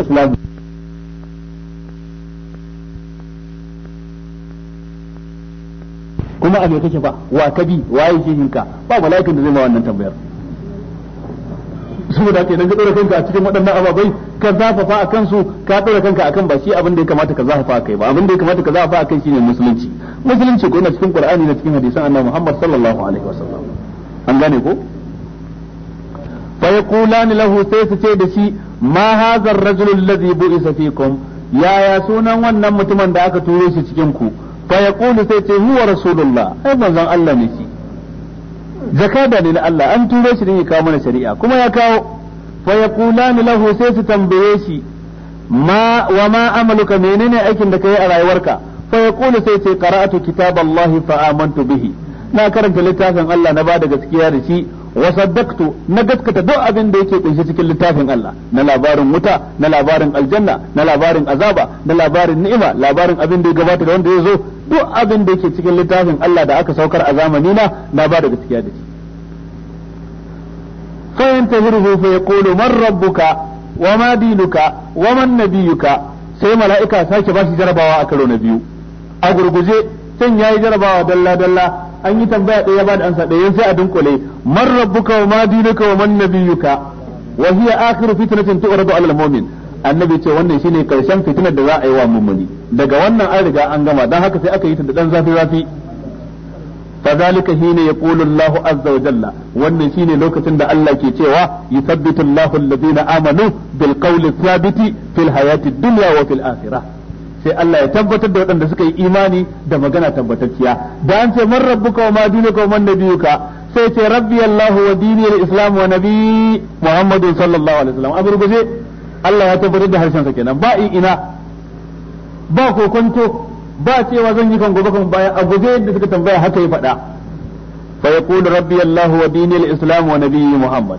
islamu kuma a me kake fa wa kabi waye shehinka ba mala'ikan da zai ma wannan tambayar su da kenan ka dora kanka a cikin waɗannan ababai ka zafafa a kansu ka dora kanka akan ba shi abin da ya kamata ka zafafa a kai ba abin da ya kamata ka zafafa a kai shine musulunci musulunci ko yana cikin qur'ani na cikin hadisan annabi Muhammad sallallahu alaihi wasallam an gane ko fa yaqulani lahu sai su ce da shi ما هذا الرجل الذي بئس فيكم يا yaya sunan wannan mutumin da aka tura shi cikin ku fa yaqulu sai ce huwa rasulullah ai manzon Allah ne shi zakada ne na Allah an tura shi ne ya kawo mana shari'a kuma ya kawo fa yaqulani lahu sai su tambaye shi ma wa ma amaluka menene aikin da kai a rayuwarka fa yaqulu sai ce qara'atu kitaballahi fa amantu bihi na karanta littafin Allah na ba da gaskiya da shi wa na gaskata duk abin da yake kunshi cikin littafin Allah na labarin wuta na labarin aljanna na labarin azaba na labarin ni'ima labarin abin da ya gabata da wanda ya zo duk abin da yake cikin littafin Allah da aka saukar a zamani na na ba da gaskiya da shi fa yantahiruhu fa yaqulu man rabbuka wa ma dinuka wa man nabiyuka sai mala'ika sake ba shi jarabawa a karo na biyu a gurguje ya yayi jarabawa dalla dalla an yi tambaya ɗaya ba da ansa ɗaya sai a dunkule man rabbuka wa ma dinuka wa man nabiyuka wa hiya akhiru fitnatin tu'radu 'ala al-mu'min annabi ce wannan shine karshen fitnar da za a yi wa mummuni daga wannan an riga an gama dan haka sai aka yi ta da dan zafi zafi فذلك حين يقول الله عز وجل wannan shine lokacin da Allah ke cewa yi Allahu alladhina amanu bil qawli thabiti fil hayati dunya wa fil sai Allah ya tabbatar da waɗanda suka yi imani da magana tabbatacciya da an ce man rabbuka wa ma dinuka wa man nabiyuka sai ce rabbi Allah wa dini al-islam wa nabi Muhammadu sallallahu alaihi wasallam aburguje Allah ya tabbatar da harshen sa kenan ba ina ba kokonto ba cewa zan yi kan gobe kan bayan a guje yadda suka tambaya haka ya faɗa fa yaqulu rabbi Allah wa dini al-islam wa nabi Muhammad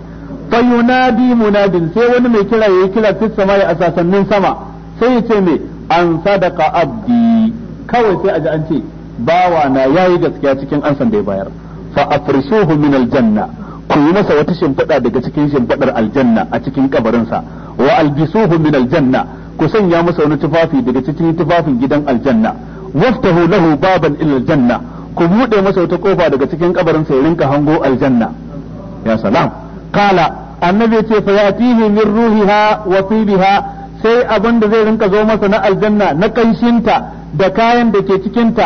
fa yunadi munadin sai wani mai kira yayi kira fis samai a sasannin sama sai ya ce me an sadaka abdi kawai sai a ji an ce bawa na yayi gaskiya cikin ansan da ya bayar fa afrisuhu min aljanna ku yi masa wata shimfiɗa daga cikin shimfiɗar aljanna a cikin kabarinsa wa albisuhu min aljanna ku sanya masa wani tufafi daga cikin tufafin gidan aljanna waftahu lahu baban ila aljanna ku bude masa wata kofa daga cikin kabarinsa ya rinka hango aljanna ya salam qala annabi ce fa yatihi min ruhiha wa fiha sai abin da zai rinka zo masa na aljanna na kanshinta da kayan da ke cikinta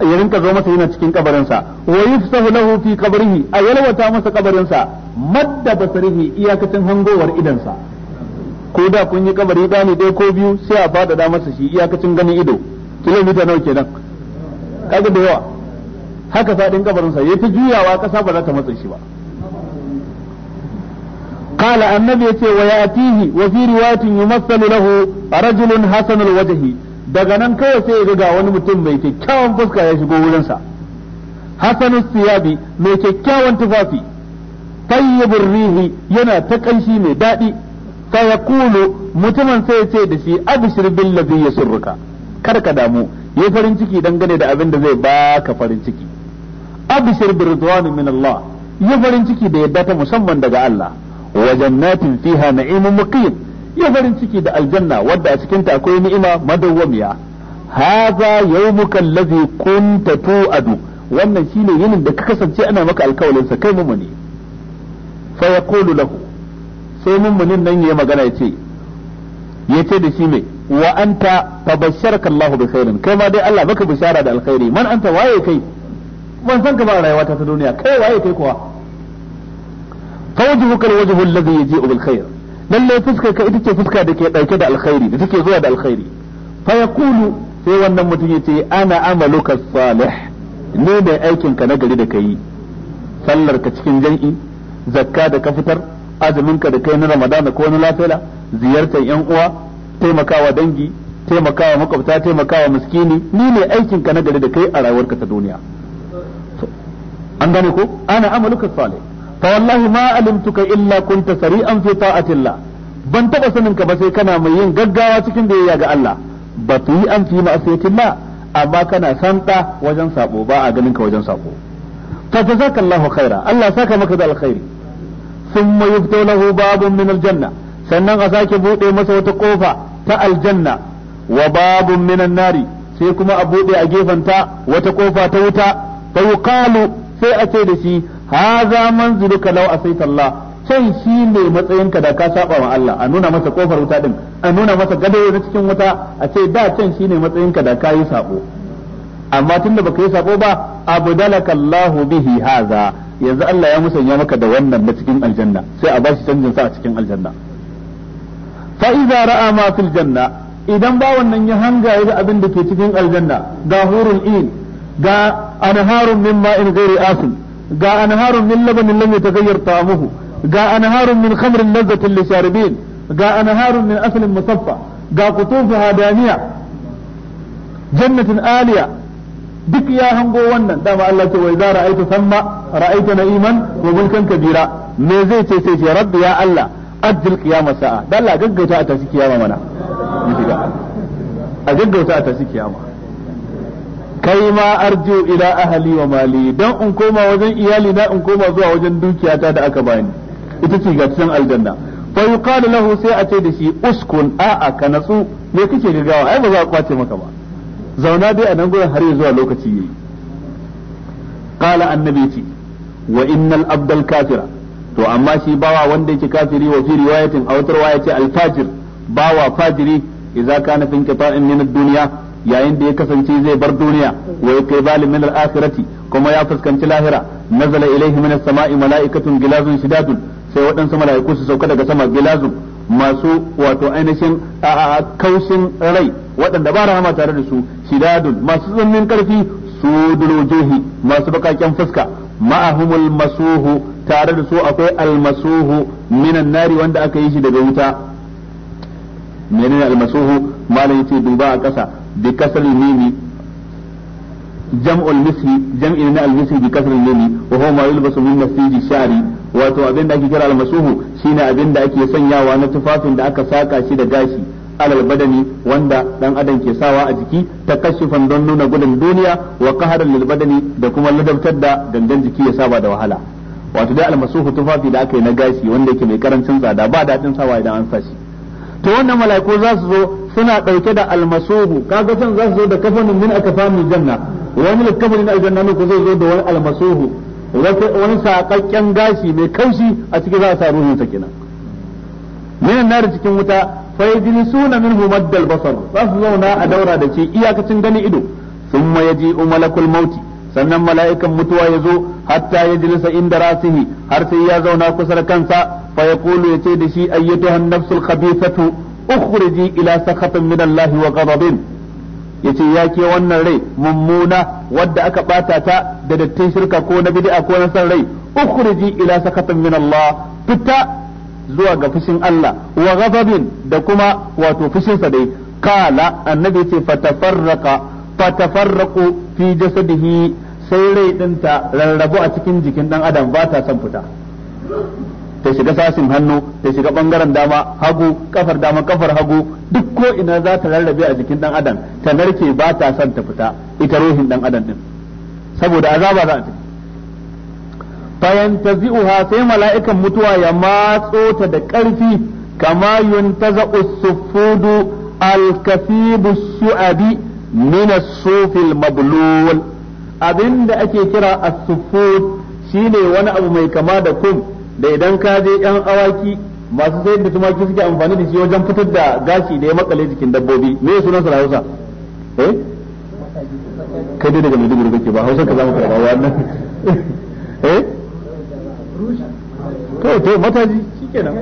ya rinka zo masa yana cikin kabarinsa wa yufsahu lahu fi qabrihi a yalwata masa kabarinsa madda basarihi iyakacin hangowar idansa ko da kun yi kabari ne dai ko biyu sai a da masa shi iyakacin ganin ido kilomita nawa kenan kaga da yawa haka fadin kabarinsa yayi ta juyawa kasa ba za ta matsa shi ba قال النبي waziri وفي رواية يمثل له رجل حسن الوجه daga nan kawai sai ga wani mutum mai kyakkyawan fuska ya shigo wurinsa hasanu siyabi mai kyakkyawan tufafi tayyibur rihi yana ta kanshi mai daɗi fa yaqulu mutumin sai ya ce da shi abshir bil ladhi yasurruka kar ka damu yayi farin ciki dangane da abin da zai baka farin ciki abshir bi ridwan min Allah yi farin ciki da yadda ta musamman daga Allah wa jannatin fiha na'imun muqim ya farin ciki da aljanna wadda a cikin ta akwai ni'ima madawwamiya hadha yawmuka allazi kunta tu'adu wannan shine yinin da ka kasance ana maka alkawalin sa kai mumuni fa yaqulu lahu sai mumunin nan yayi magana yace yace da shi me wa anta tabashsharaka Allahu bi khairin kai ma dai Allah maka bishara da alkhairi man anta waye kai ban san ka ba rayuwa ta duniya kai waye kai kuwa fawjuhuka alwajhu alladhi yaji'u bil khair lalle ita ce fuska da ke dauke da alkhairi da take zuwa da alkhairi fa sai wannan mutum yace ana amaluka salih ne sallar ka cikin jan'i zakka da ka fitar da kai na ramadana ko na ziyartar yan dangi fa wallahi ma ka illa kunta sari'an fi ta'atillah ban taba sanin ka ba sai kana mai yin gaggawa cikin da biyayya ga Allah batu an fi ma'asiyatillah amma kana santa wajen sabo ba a ganin ka wajen sabo fa jazakallahu khaira Allah saka maka da alkhairi sun yuftu lahu babun min aljanna sannan a sake bude masa wata kofa ta aljanna wa babun min nari, sai kuma a bude a gefanta wata kofa ta wuta fa yuqalu sai a ce da shi hadha manziluka law asaita Allah can shi ne matsayinka da ka saba wa Allah a nuna masa kofar wuta din a nuna masa gado na cikin wuta a ce da can shi ne matsayinka da ka yi sabo amma tunda baka yi sabo ba abdalaka Allahu bihi haza yanzu Allah ya musanya maka da wannan na cikin aljanna sai a bashi canjin sa a cikin aljanna fa idza ra'a ma fil janna idan ba wannan ya hangaye da abin da ke cikin aljanna ga hurul in ga anharun min ma'in ghairi asin ga anharun min labanin lam yataghayyar ta'amuhu ga anharun min khamrin lazzatin lisharibin ga anharun min aslin musaffa ga qutufuha daniya jannatin aliya duk ya hango wannan dama Allah ce wai za ra'aita samma ra'aita na'iman wa mulkan kabira me zai ce sai ce rabbi ya Allah ajil qiyama sa'a dan Allah gaggauta a tashi kiyama mana a gaggauta a tashi kiyama kai ma arju ila ahali wa mali dan in koma wajen iyali na in koma zuwa wajen dukiyata da aka bani ita ce ga cikin aljanna fa yuqalu lahu sai a ce da shi uskun a'a ka natsu me kake gaggawa ai ba za a kwace maka ba zauna dai a nan gurin har zuwa lokaci yayi qala annabi ce wa innal abdal kafira to amma shi bawa wanda yake kafiri wa fi riwayatin a wata riwaya ce al fajir bawa fajiri idza kana fi inqita'in min ad-dunya yayin da ya kasance zai bar duniya wa kai balim min al-akhirati kuma ya fuskanci lahira nazala ilaihi min as-sama'i mala'ikatun gilazun shidadun sai waɗansu mala'iku su sauka daga sama gilazun masu wato ainihin kaushin rai waɗanda ba rahama tare da su shidadun masu tsannin karfi su dulujuhi masu bakaken fuska ma'ahumul masuhu tare da su akwai almasuhu minan nari wanda aka yi shi daga wuta menene almasuhu malam yace duba a ƙasa بكسر الميم جمع المسي جمع من المسي بكسر الميم وهو ما يلبس من نسيج الشعر wato abin da ake kira almasuhu shine abin da ake sanyawa na tufafin da aka saka shi da gashi alal badani wanda dan adam ke sawa a jiki takashufan don nuna gudun duniya wa qaharan lil badani da kuma ladabtar da gangan jiki ya saba da wahala wato dai almasuhu tufafi da aka yi na gashi wanda yake mai karancin tsada ba daɗin sawa idan an sa shi to wannan mala'iku za su zo suna ɗauke da almasohu kaga can za su zo da kafanin min akafamin janna wani kafanin aljanna ne ku zai zo da wani almasohu wani saƙaƙƙen gashi mai kaushi a cikin za a sa ruhin sa kenan min nar cikin wuta fa yajlisuna minhu maddal basar za su zauna a daura da ke iyakacin gani ido thumma yaji'u malakul mauti sannan mala'ikan mutuwa ya zo hatta ya jilisa inda rasihi har sai ya zauna kusa da kansa fa ya ce da shi ayyatu nafsul khabithatu ukhriji ila sakhatin min Allah wa ghadabin yace ya ke wannan rai mummuna wadda aka bata ta da dattin shirka ko na bid'a ko na san rai ukhriji ila sakhatin min Allah fita zuwa ga fushin Allah wa ghadabin da kuma wato fushinsa dai kala annabi ce fatafarraqa fatafarraqu fi jasadihi sai rai dinta rarrabu a cikin jikin dan adam ba ta son fita ta shiga sasin hannu ta shiga bangaren dama hagu kafar dama kafar hagu duk ko ina za ta rarrabe a jikin dan adam ta narke ba ta son ta fita ita ruhin dan adam din saboda azaba za ta fayantazi'uha sai mala'ikan mutuwa ya matso ta da karfi kama yuntaza'u sufudu al-kasibu su'abi min as-sufil mablul abinda ake kira as-sufud shine wani abu mai kama da kum da idan ka je yan awaki masu sayar da tumaki suke amfani da shi wajen fitar da gashi da ya makale jikin dabbobi me ya sunan sa Hausa eh kai dai daga Maiduguri kake ba Hausa ka zamu karba wannan eh to to mataji shikenan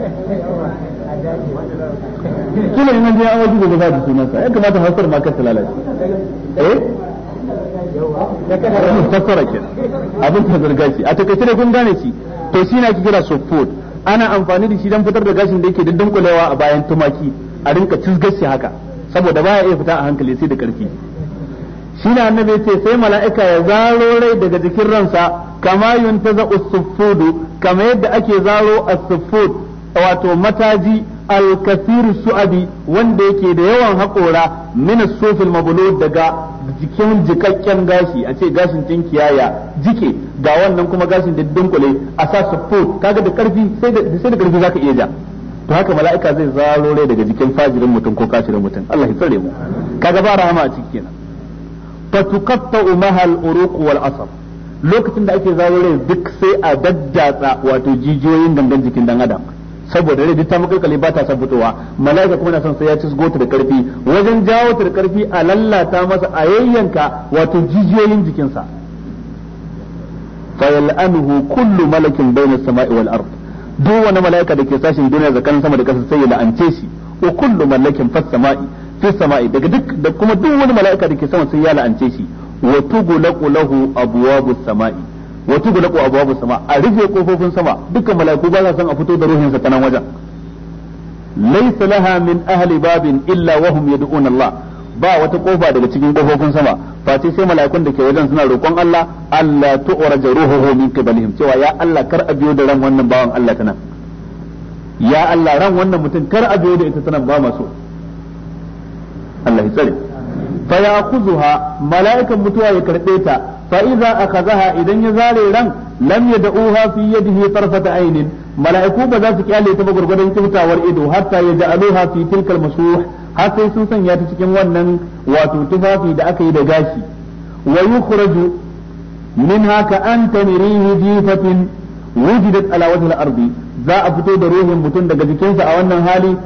kila in an je awaki gobe za ta sunan sa ya kamata Hausar ma kar ta lalace eh ya kana tsara kenan abin ta zarga a takaice ne kun gane shi to shi na kira support ana amfani da shi don fitar da gashin da yake da dunkulewa a bayan tumaki a rinka cizgashi haka saboda baya iya fita a hankali sai da karfi shi na annabi ce sai mala'ika ya zaro rai daga jikin ransa kama yuntaza usuffudu kama yadda ake zaro a wato mataji الكثير su'abi wanda yake da yawan haƙora mina sufil mabulu daga jikin jikakken gashi a ce gashin tinkiya kiyaya jike ga wannan kuma gashin da dunkule a sa support kaga da karfi sai da sai da karfi zaka iya ja to haka mala'ika zai zaro rai daga jikin fajirin mutum ko kashirin mutum Allah ya tsare mu kaga ba rahama a ciki kenan fatuqatta'u mahal uruq wal asab lokacin da ake zaro rai duk sai a daddatsa wato jijiyoyin gangan jikin dan adam saboda rai ta makalkale ba ta son fitowa mala'ika kuma na son sai ya cisgo ta da karfi wajen jawo ta da karfi a lallata masa a yayyanka wato jijiyoyin jikinsa fayal'anuhu kullu malakin bayna samai wal ard duk wani mala'ika da ke sashin duniya zakan sama da kasa sai ya la'ance shi wa kullu malakin fas samai fis samai daga duk da kuma duk wani mala'ika da ke sama sai ya la'ance shi wa tughlaqu lahu abwabus samai wa tughlaqu abwabu sama a rufe kofofin sama dukkan mala'iku ba za san a fito da ruhin sa ta nan wajen laysa laha min ahli babin illa wa hum yad'un Allah ba wata kofa daga cikin kofofin sama face sai mala'ikun da ke wajen suna roƙon Allah Allah tu'raja ruhuhu min qibalihim cewa ya Allah kar a biyo da ran wannan bawan Allah ta ya Allah ran wannan mutum kar a biyo da ita ta nan ba maso Allah ya tsare fa ya kuzuha mala'ikan mutuwa ya karbe ta fa'iza a kazaha idan ya zare ran lamya da yad'uha fi yadihi tarfata aynin mala'iku ba za su kyale ta ba gurgurdan kiftawar ido hatta yaj'aluha fi tilkal masuh har sai sun sanya ta cikin wannan wato tufafi da aka yi da gashi wayukuraju yukhraju min haka anta mirihi jifatin wujidat ala wajhi al-ardi za a fito da ruhin mutum daga jikinsa a wannan hali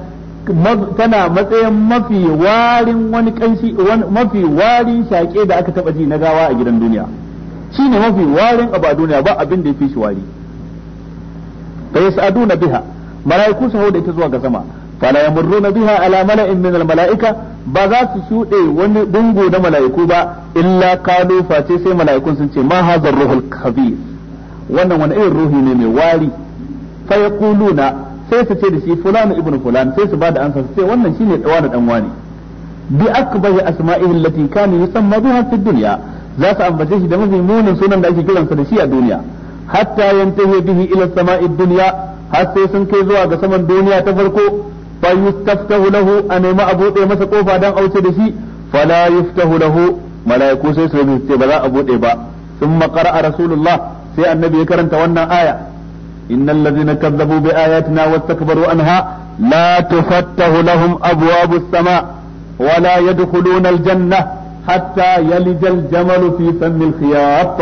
tana matsayin mafi warin wani kanshi mafi warin shaƙe da aka taɓa ji na gawa a gidan duniya shi ne mafi warin abu a duniya ba abin da fi shi wari fa na biha malaiku su hau da ita zuwa ga sama fala na biha ala mala'in min mala'ika ba za su shuɗe wani dungo na mala'iku ba illa kalu face sai mala'ikun sun ce ma hazar ruhul kabir wannan wani irin ruhi ne mai wari fa yaquluna sai su ce da shi fulan ibn fulan sai su ba da ansa sai wannan shine dawa da dan wani bi akbahi asma'ihi allati kana yusamma biha fi dunya za su ambace shi da mafi munin sunan da ake kiransa da shi a duniya hatta yantahi bihi ila sama'i dunya har sai sun kai zuwa ga saman duniya ta farko fa yustaftahu lahu a nemi a bude masa kofa dan wuce da shi fala yuftahu lahu mala'iku sai su ce ba za a bude ba thumma a rasulullah sai annabi ya karanta wannan aya إن الذين كذبوا بآياتنا واستكبروا عنها لا تفتح لهم أبواب السماء ولا يدخلون الجنة حتى يلج الجمل في فم الخياط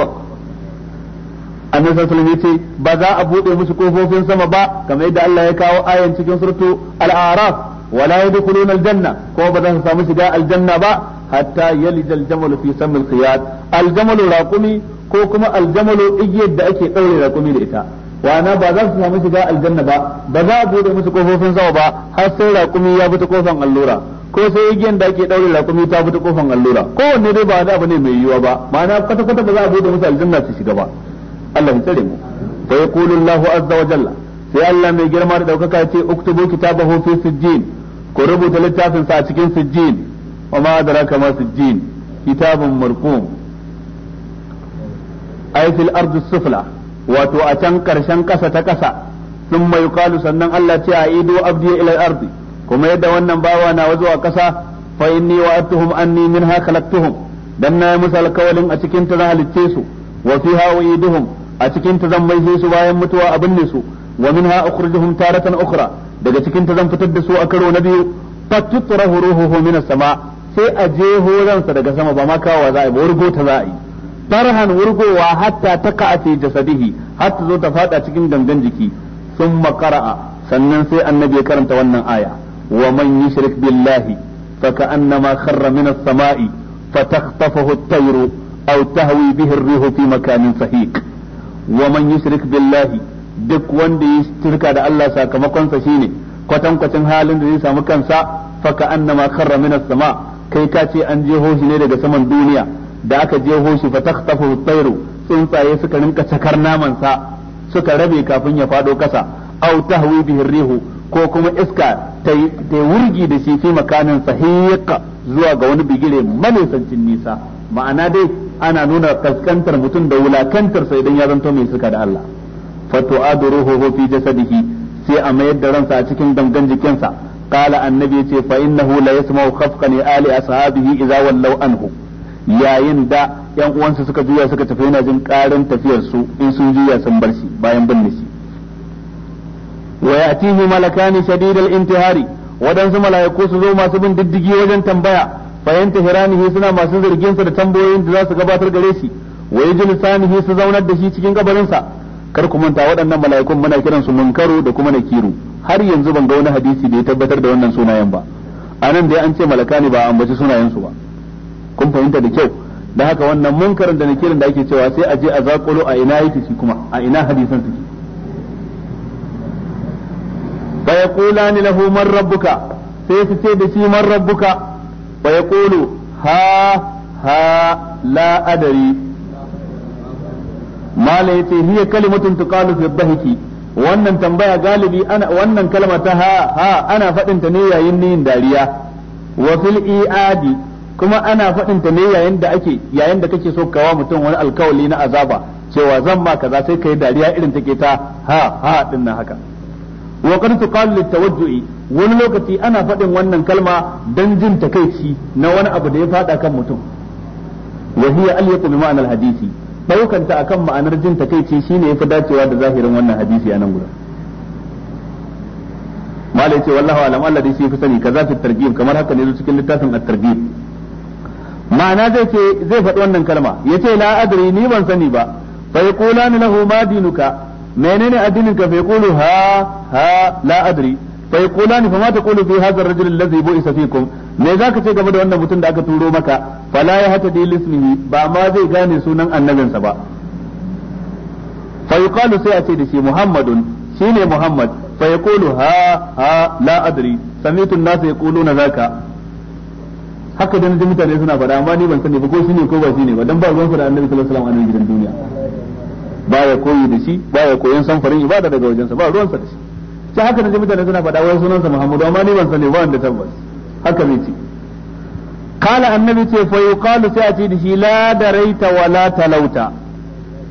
annabi sallallahu alaihi wasallam ba za a bude musu kofofin sama ba kamar yadda Allah ya kawo ayan cikin surutu al-a'raf wala yadkhuluna al-janna ko ba za su samu shiga aljanna ba hatta yalija al-jamal fi sammi al-khiyat al ko kuma aljamalu igiyar da ake ɗaure raƙumi da ita wana ba za su samu shiga aljanna ba ba za a bude musu kofofin sama ba har sai raƙumi ya bi ta kofan allura ko sai igiyan da ake daure raƙumi ta bi ta kofan allura kowanne dai ba wani bane ne mai yiwuwa ba ma'ana kwata kwata ba za a bude musu aljanna su shiga ba Allah ya tsare mu fa yaqulu Allahu azza wa jalla sai Allah mai girma da daukaka ce uktubu kitabahu fi sijjin ku rubuta littafin sa a cikin sijjin wa ma adraka ma sijjin kitabun marqum sufla wato a can karshen kasa ta kasa sun mai yuqalu sannan Allah ce a ido abdi ila ardi kuma yadda wannan bawa na a kasa fa inni wa'atuhum anni ha khalaqtuhum dan na musu alkawalin a cikin ta halicce su wa fiha u'iduhum a cikin ta zan maishe su bayan mutuwa abin ne su wa minha ukhrijuhum taratan ukhra daga cikin ta zan fitar da su a karo na biyu fatutrahu ruhuhu minas sama sai a jeho ransa daga sama ba ma kawo za a yi ba wurgo ta za a yi tarhan wurgowa hatta ta fi jasadihi har ta zo ta fada cikin dangan jiki sun makara'a sannan sai annabi ya karanta wannan aya wa man yushrik billahi fa ka'annama kharra min as-sama'i fa takhtafahu at-tayru aw tahwi bihi ar-rihu fi makanin sahiq wa man yushrik billahi duk wanda ya shirka da Allah sakamakon sa shine kwatan kwatan halin da zai samu kansa fa ka'annama kharra min as-sama' kai ka ce an jeho shi ne daga saman duniya da aka ho shi fa takhtafu tsairu tsuntsaye suka rinka cakar namansa suka rabe kafin ya fado kasa au tahwi bihi rihu ko kuma iska ta wurgi da shi fi makanin sahiqa zuwa ga wani bigire manisancin nisa ma'ana dai ana nuna kaskantar mutum da wulakantar sa idan ya zanto mai suka da Allah fa tu'adu ruhuhu fi jasadihi sai a mayar da ransa a cikin gangan jikinsa qala annabi yace fa innahu la yasma'u khafqani ali ashabihi idza wallaw anhu yayin da yan uwansa suka juya suka tafi yana jin karin tafiyar su in sun juya sun bar shi bayan binne shi wa yatihi malakani shadidal intihari wadansu malaiku su zo masu bin diddigi wajen tambaya fayanta hiranihi suna masu zargin sa da tambayoyin da za su gabatar gare shi wa sanihi su zaunar da shi cikin kabarin sa kar ku manta waɗannan mala'ikun muna kiran su munkaru da kuma nakiru har yanzu ban ga wani hadisi da ya tabbatar da wannan sunayen ba anan dai an ce malaka ne ba a ambaci sunayen su ba kun fahimta da kyau da haka wannan munkarin da nakirin da ake cewa sai a je a zakulo a ina yake shi kuma a ina hadisan suke fa ni lahu man rabbuka sai su ce da shi man rabbuka fa yaqulu ha ha la adari mala yace hiya kalimatun tuqalu fi dhahiki wannan tambaya galibi ana wannan kalma ta ha ha ana fadin ta ne yayin yin dariya wa fil iadi kuma ana faɗin ta ne yayin da ake yayin da kake so kawa mutum wani alkawali na azaba cewa zan ma kaza sai kai dariya irin take ta ha ha din nan haka wa qad tuqalu litawajju'i wani lokaci ana faɗin wannan kalma dan jin takeici na wani abu da ya faɗa kan mutum wa hiya alyaqu bi ma'anar hadisi daukan ta akan ma'anar jin takeici shine yafi dacewa da zahirin wannan hadisi a nan gurin malai ce wallahu alam Allah dai fi sani kaza fi targhib kamar haka ne cikin littafin at-targhib ma'ana zai ce zai faɗi wannan kalma ya la adri ni ban sani ba fa yaqulani lahu ma dinuka menene addinin ka fa yaqulu ha ha la adri fa ni fa ma taqulu fi hadha ar-rajul alladhi bu'isa fikum me zaka ce game da wannan mutum da aka turo maka fala ya hata dil ismihi ba ma zai gane sunan annabinsa ba fa yuqalu sai a ce da shi muhammadun shine muhammad fa yaqulu ha ha la adri sai an na yaquluna zaka haka dan ji mutane suna faɗa amma ni ban sani ba ko shine ko ba shine ba dan ba ruwan sa da annabi sallallahu alaihi wasallam a nan gidan duniya baya koyi da shi baya koyan samfarin ibada daga wajensa ba ruwan sa da shi ta haka dan ji mutane suna faɗa wai sunansa Muhammadu amma ni ban sani ba wanda tabbas haka ne ce kala annabi ce fa yuqalu sai a ce da shi la daraita wala talauta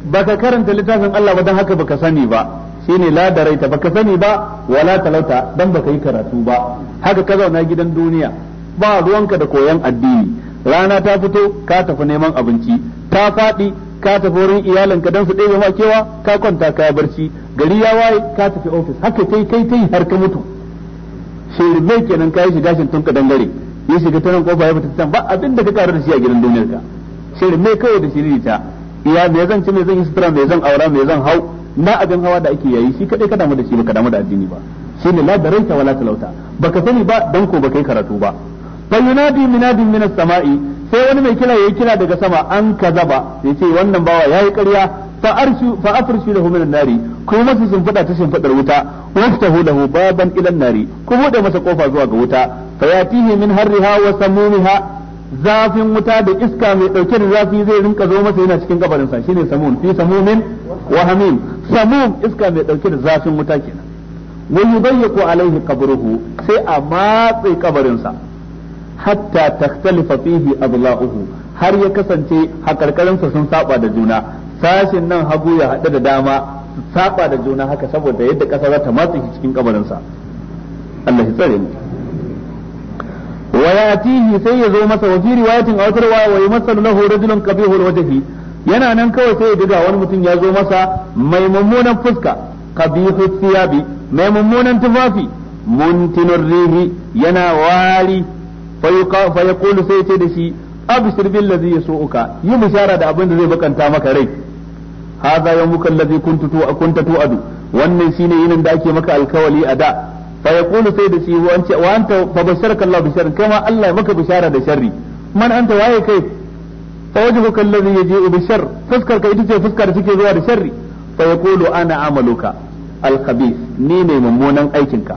baka karanta littafin Allah ba dan haka baka sani ba shine la daraita baka sani ba wala talauta dan baka yi karatu ba haka ka zauna gidan duniya ba ruwanka da koyon addini rana ta fito ka tafi neman abinci ta faɗi ka tafi wurin ka don su ɗebe ma kewa ka kwanta ka barci gari ya waye ka tafi ofis haka kai kai kai har ka mutu shirme kenan ka yi shiga shin tun ka dangare ya shiga ta nan kofa ya fita can ba abin da ka karu da shi a gidan duniyar ka shirme kawai da shiri ta iya me zan ci me zan yi sutura me zan aura me zan hau na abin hawa da ake yayi shi kadai ka damu da shi ba ka damu da addini ba shine la daranta wala talauta baka sani ba dan ko baka yi karatu ba fa yunadi minadin min samai sai wani mai kira yayi kira daga sama an kazaba ce wannan bawa yayi ƙarya fa arshu fa afrishu lahu min nari ko masa fada ta fadar wuta waftahu lahu baban ila nari ko bude masa kofa zuwa ga wuta fa yatihi min harriha wa samumiha zafin wuta da iska mai dauke da zafi zai rinka zo masa yana cikin kafarin sa shine samun fi samumin wa hamim samum iska mai dauke da zafin wuta kenan wa yubayyiqu alaihi qabruhu sai a matse kabarin sa hatta takhtalifa fihi adla'uhu har ya kasance hakarkarinsa sun saba da juna sashin nan hagu ya haɗu da dama su saba da juna haka saboda yadda ƙasa za ta matsa shi cikin kabarinsa Allah ya tsare waya tihi sai ya zo masa wa fi riwayatin aw tarwa wa yumassalu lahu rajulun qabihul yana nan kawai sai ya diga wani mutum ya zo masa mai mummunan fuska kabihu thiyabi mai mummunan tufafi muntinur rihi yana wari fa yaqulu sai ce da shi abshir bil ladzi yasuuka yi bishara da abin da zai bakanta maka rai hadha yawmuka alladhi kuntu tu kunta tu'adu wannan shine yinin da ake maka alkawali a da fa yaqulu sai da shi wa anta fa basharaka Allah bishar kama Allah ya maka bishara da sharri man anta waye kai fa wajhuka alladhi yaji'u bishar fuskar ka ita ce fuskar da take zuwa da sharri fa yaqulu ana amaluka alkhabith ni ne mummunan aikinka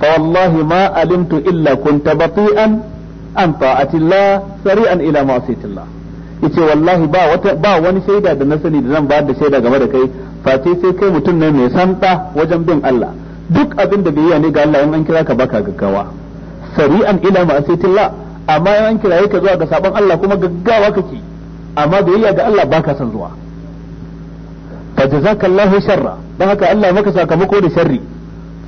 fa wallahi ma alimtu illa kunta bati'an an ta'atillah sari'an ila ma'asiyatillah yace wallahi ba wata ba wani shaida da na sani da zan ba da shaida game da kai face sai kai mutum ne mai santa wajen bin Allah duk abin da biyayya ne ga Allah in an kira ka baka gaggawa sari'an ila ma'asiyatillah amma in an kiraye ka zuwa ga sabon Allah kuma gaggawa kake amma biyayya ga Allah baka son zuwa fa jazakallahu sharra dan haka Allah maka sakamako da sharri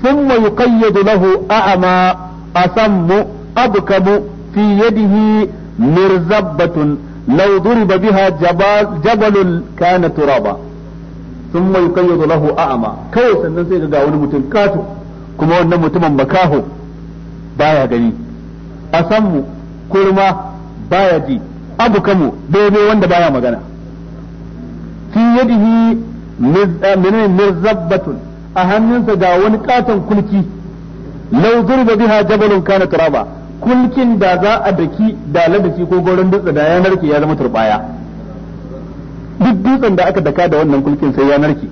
ثم يقيد له أعمى أسم أبكم في يده مرزبة لو ضرب بها جبل, جبل كان ترابا ثم يقيد له أعمى كيف سنسيق قاون متنكاته كما أن متمن مكاهو بايا غني أسم كلما بايا جي أبكم بيبي وند بايا مغنى في يده مرزبة a hannunsa ga wani katon kulki lau zurba biha jabalun kana turaba kulkin da za a daki da ladaki ko goron dutse da ya narke ya zama turbaya duk dutsen da aka daka da wannan kulkin sai ya narke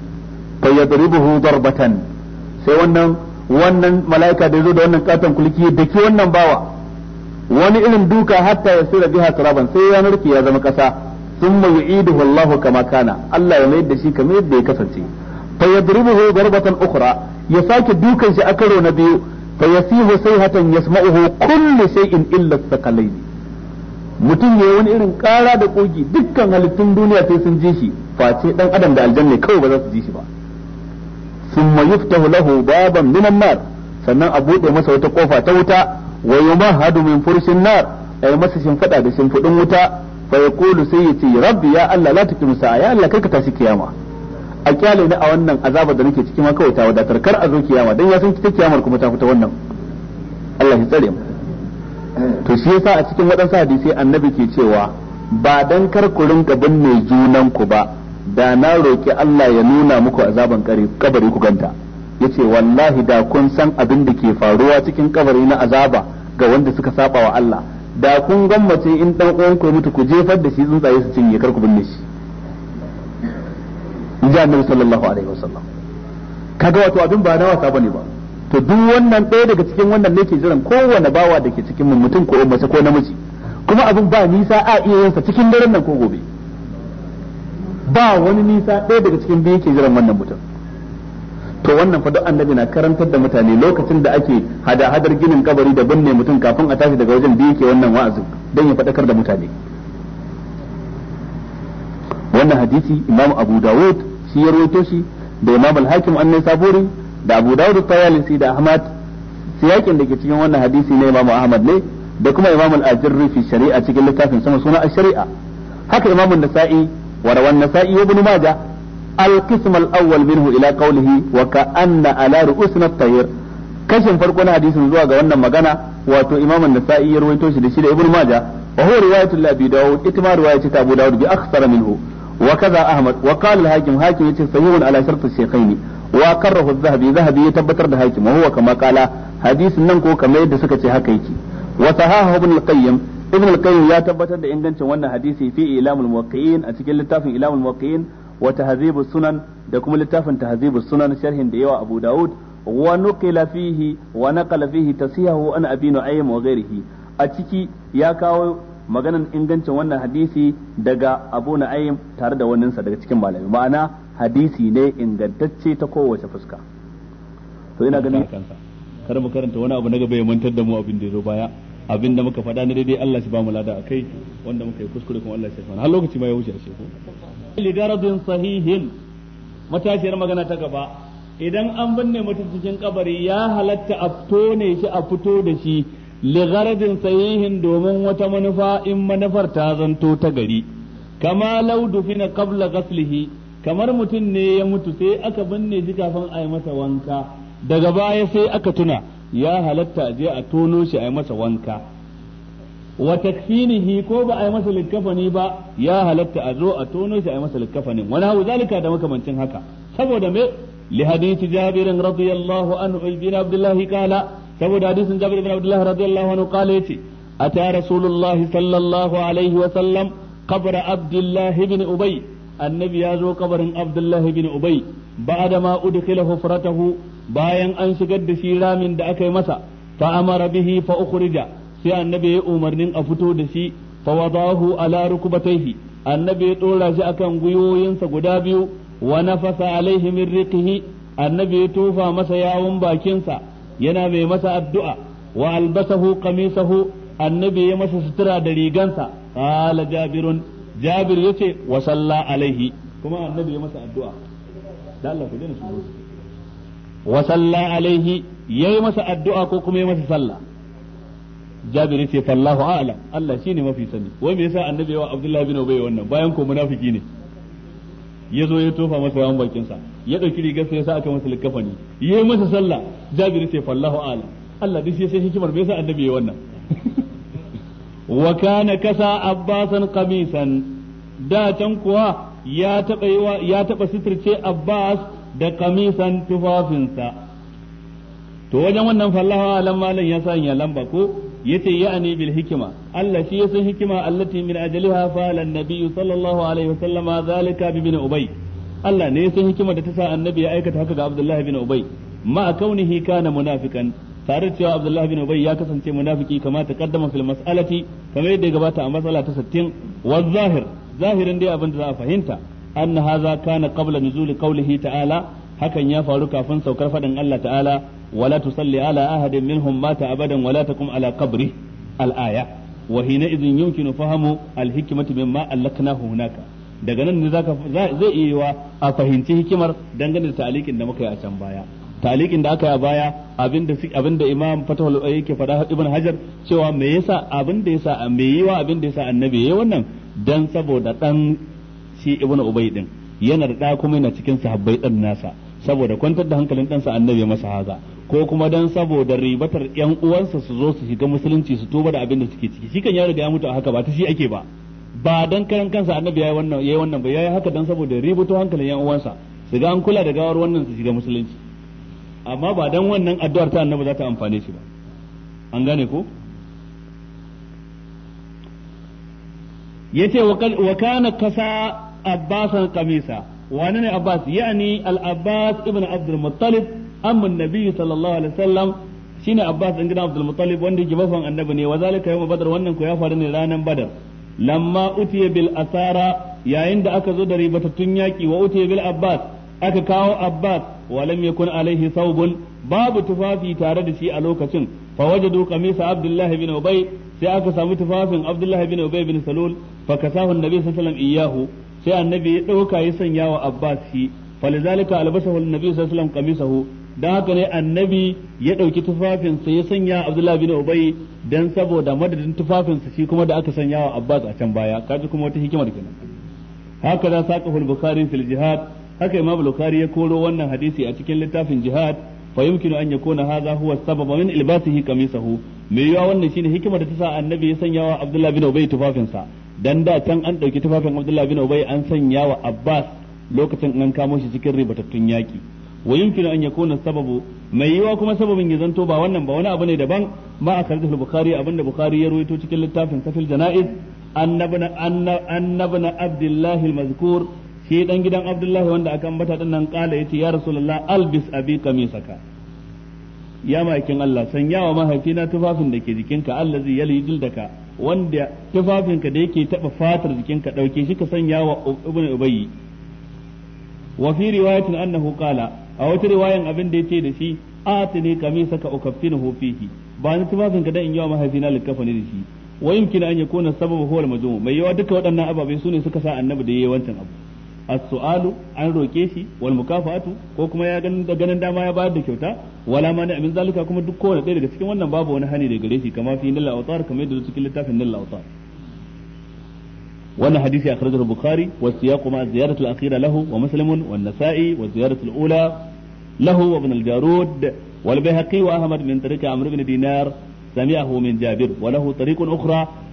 fa yadribuhu darbatan sai wannan wannan mala'ika da yazo da wannan katon kulki daki wannan bawa wani irin duka hatta ya sira biha turaban sai ya narke ya zama kasa thumma yu'iduhu Allahu kama kana Allah ya mayar da shi kamar yadda ya kasance fa yadribuhu darbatan ukhra ya sake dukan shi a karo na biyu fa yasihu sayhatan yasma'uhu kullu shay'in illa ne. mutum yayi wani irin kara da kogi dukkan halittun duniya sai sun ji shi face dan adam da aljanna kawai ba za su ji shi ba thumma yuftahu lahu baban minan nar sannan a bude masa wata kofa ta wuta wa yumahadu min furshin nar ai masa shimfada da shimfidin wuta fa yaqulu sai rabbi ya Allah la tuqim ya Allah kai ka tashi kiyama a kyale ni a wannan azaba da nake cikin kawai ta wadatar kar a zo kiyama dan ya san kita kiyamar kuma ta fita wannan Allah ya tsare mu to shi yasa a cikin waɗansu hadisi annabi ke cewa ba dan kar ku rinka binne junan ku ba da na roki Allah ya nuna muku azaban kabari ku ganta yace wallahi da kun san abin da ke faruwa cikin kabari na azaba ga wanda suka saba wa Allah da kun gammace in dan uwan ku mutu ku jefar da shi tsuntsaye su cinye kar ku binne shi in ji annabi sallallahu alaihi wasallam kaga wato abin ba na wasa bane ba to duk wannan ɗaya daga cikin wannan ne ke jiran kowane bawa da ke cikin mu mutum ko mace ko namiji kuma abin ba nisa a iya yin sa cikin daren nan ko gobe ba wani nisa ɗaya daga cikin biyu ke jiran wannan mutum to wannan fa duk annabi na karantar da mutane lokacin da ake hada hadar ginin kabari da binne mutum kafin a tashi daga wajen biyu ke wannan wa'azin don ya faɗakar da mutane wannan hadisi imam abu dawud shi ya rawaito shi da Imam al-Hakim annai saburi da Abu Dawud at-Tayalisi da Ahmad siyakin da ke cikin wannan hadisi ne Imam Ahmad ne da kuma Imam al-Ajurri fi shari'a cikin littafin sama suna ash-shari'a haka Imam an-Nasa'i wa rawan Nasa'i ibn Majah al-qism al-awwal minhu ila qawlihi wa ka'anna ala ru'usina at-tayr kashin farko na hadisin zuwa ga wannan magana wato Imam an-Nasa'i ya rawaito shi da shi da Ibn Majah wa huwa riwayatul Abi Dawud ita ma ta Abu Dawud bi akhsara minhu وكذا أحمد وقال الحاكم حاكم يتي صحيح على شرط الشيخين وقره الذهبي ذهبي يتبتر ده حاكم وهو كما قال حديث ننكو كما يد سكتي هكيكي وصحاه ابن القيم ابن القيم يا تبتر ده عندنا وانا حديثي في إيلام الموقعين أتكلم لتافن إيلام الموقعين وتهذيب السنن ده كم لتافن تهذيب السنن شرح ديوا أبو داود ونقل فيه ونقل فيه تصحيحه أنا أبي نعيم وغيره a ciki ya kawo maganan ingancin wannan hadisi daga Abu Na'im tare da waninsa daga cikin malami ma'ana hadisi ne ingantacce ta kowace fuska to ina ganin kar mu karanta wani abu na gaba ya mantar da mu abin da ya zo baya abin da muka faɗa na daidai Allah shi ba mu lada akai wanda muka yi kuskure kuma Allah shi ya har lokaci ma ya wuce a sheko lidaradin sahihin matashiyar magana ta gaba idan an binne mutum cikin kabari ya halatta a tone ne shi a fito da shi ligharadin sayihin domin wata manufa in manufar ta zanto ta gari kama law dufina qabla ghaslihi kamar mutum ne ya mutu sai aka binne shi kafin a masa wanka daga baya sai aka tuna ya halatta je a tono shi a masa wanka wa takfinihi ko ba a masa likkafani ba ya halatta a zo a tono shi a masa likkafanin wani hau zalika da makamancin haka saboda me jaririn hadisi jabirin radiyallahu anhu ibn abdullahi kala saboda hadisin Jabir ibn Abdullah radiyallahu anhu qala yace ata rasulullah sallallahu alaihi wa sallam qabra Abdullah ibn Ubay annabi ya zo kabarin Abdullah ibn Ubay ba'da ma udkhila hufratahu bayan an shigar da shi ramin da aka yi masa fa amara bihi fa ukhrija sai annabi ya umarnin a fito da shi fa wadahu ala rukbatayhi annabi ya dora shi akan gwiwoyinsa guda biyu wa nafasa alaihi min riqihi annabi ya tofa masa yawon bakinsa yana mai masa addu'a wa albasahu qamisahu annabi ya masa sutura da rigansa qala jabirun jabir ce wa salla alaihi kuma annabi ya masa addu'a da Allah ku dena su wa salla alaihi yayi masa addu'a ko kuma ya masa sallah jabir ce fallahu a'lam Allah shi ne mafi sani wai me yasa annabi ya wa Abdullah bin Ubay wannan bayan ko munafiki ne ya zo ya tofa masa yawan bakinsa ya ɗauki rigar sa ya sa aka masa likafani ya yi masa sallah jabir sai fallahu ala Allah duk sai hikimar bai sa annabi ya wannan wa kana kasa abbasan qamisan da can kuwa ya taba ya taba sitirce abbas da qamisan tufafinsa to wajen wannan fallahu ala mallan ya sanya lamba ko yace ya'ani bil hikima Allah shi yasan hikima allati min ajaliha fa'ala an-nabi sallallahu alaihi wasallama zalika bi bin ubay Allah ne yasan hikima da ta sa annabi ya aikata haka ga Abdullah bin ubay ma kaunihi kana munafikan tare da cewa Abdullah bin ubay ya kasance munafiki kama ta kaddama fil mas'alati kamar yadda gabata a mas'ala ta 60 wa zahir zahirin dai abin da za a fahimta anna hadha kana qabla nuzul qawlihi ta'ala hakan ya faru kafin saukar fadin Allah ta'ala ولا تصلي على أحد منهم مات أبدا ولا تقم على قبره الآية وحينئذ يمكن فهم الحكمة مما ألقناه هناك daga nan ne zai iya yiwa a fahimci hikimar dangane da talikin da muka yi a can baya talikin da aka yi a baya abinda abinda imam fatahul yake fada ibn hajar cewa me yasa abinda yasa me yiwa abinda yasa annabi yayi wannan dan saboda dan shi ibn ubay din yana da da kuma yana cikin sahabbai dan nasa saboda kwantar da hankalin ɗansa annabi masa haza ko kuma dan saboda ribatar yan uwansa su zo su shiga musulunci su tuba da abin da suke ciki shi kan ya riga ya mutu a haka ba ta shi ake ba ba dan karan kansa annabi yayi wannan yayi wannan ba yayi haka dan saboda ribato hankalin yan uwansa su ga an kula da gawar wannan su shiga musulunci amma ba dan wannan addu'ar ta annabi za ta amfane shi ba an gane ko yace wa kana kasa abbasan kamisa wani ne Abbas yani al-Abbas ibn Abdul Muttalib amma Nabi sallallahu alaihi wasallam ne Abbas ɗin gina Abdul Muttalib wanda yake bafan annabi ne wa zalika yawm badar wannan ku ya faru ne ranar badar lamma utiya bil asara yayin da aka zo da ribatattun yaki wa utiya bil Abbas aka kawo Abbas wa lam yakun alaihi thawbun babu tufafi tare da shi a lokacin fa wajadu qamisa Abdullah Bin Ubay sai aka samu tufafin Abdullah Bin Ubay ibn Salul fa kasahu Nabi sallallahu alaihi wasallam iyahu sai annabi ya ɗauka ya sanya wa abbas shi falizalika albasahu annabi sallallahu alaihi wasallam kamisahu dan haka ne annabi ya ɗauki tufafinsa ya sanya abdullahi bin ubay dan saboda madadin tufafinsa shi kuma da aka sanya wa abbas a can baya kaji kuma wata hikimar kenan haka za saqahu al-bukhari fil jihad haka imam bukhari ya koro wannan hadisi a cikin littafin jihad fa yumkinu an yakuna hadha huwa sabab min ilbasihi kamisahu me yawa wannan shine hikimar da ta sa annabi ya sanya wa abdullahi bin ubay tufafinsa dan da can an ɗauki tufafin abdullahi bin Ubay an sanya wa Abbas lokacin an kamo shi cikin ribatattun yaki wa yumkinu an yakuna sababu mai yiwa kuma sababin ya zanto ba wannan ba wani abu ne daban ma a karatu bukhari abinda bukhari ya ruwaito cikin littafin safil janaiz annabna annabna abdullahi mazkur shi dan gidan abdullahi wanda aka ambata din nan kala yace ya rasulullah albis abi saka ya maikin Allah sanyawa mahaifina tufafin da ke jikinka allazi yali jildaka wanda tufafinka da yake taba fatar jikinka dauke shi ka sanya wa ibn ubayy wa fi riwayatin annahu qala a wata riwayan abin da yace da shi atini kamisaka ukaffinuhu fihi ba ni tufafinka da in yi wa mahaifina likafani da shi wa yumkin an yakuna sababu huwa al-majmu mai yawa duka waɗannan ababai sune suka sa annabi da yayi wancan abu as-su'alu an roke shi wal mukafatu ko kuma ya ganin da ganin dama ya bayar da kyauta wala ma na min zalika kuma duk kowane ɗaya daga cikin wannan babu wani hani da gare shi kama fi nil awtar kamar yadda cikin littafin nil awtar wannan hadisi akhrajahu al-bukhari wa siyaqu ma ziyaratu al-akhira lahu wa muslim wa nasai wa ziyaratu al-ula lahu wa ibn al-jarud wal bayhaqi wa ahmad min tariqi amr ibn dinar سمعه من جابر وله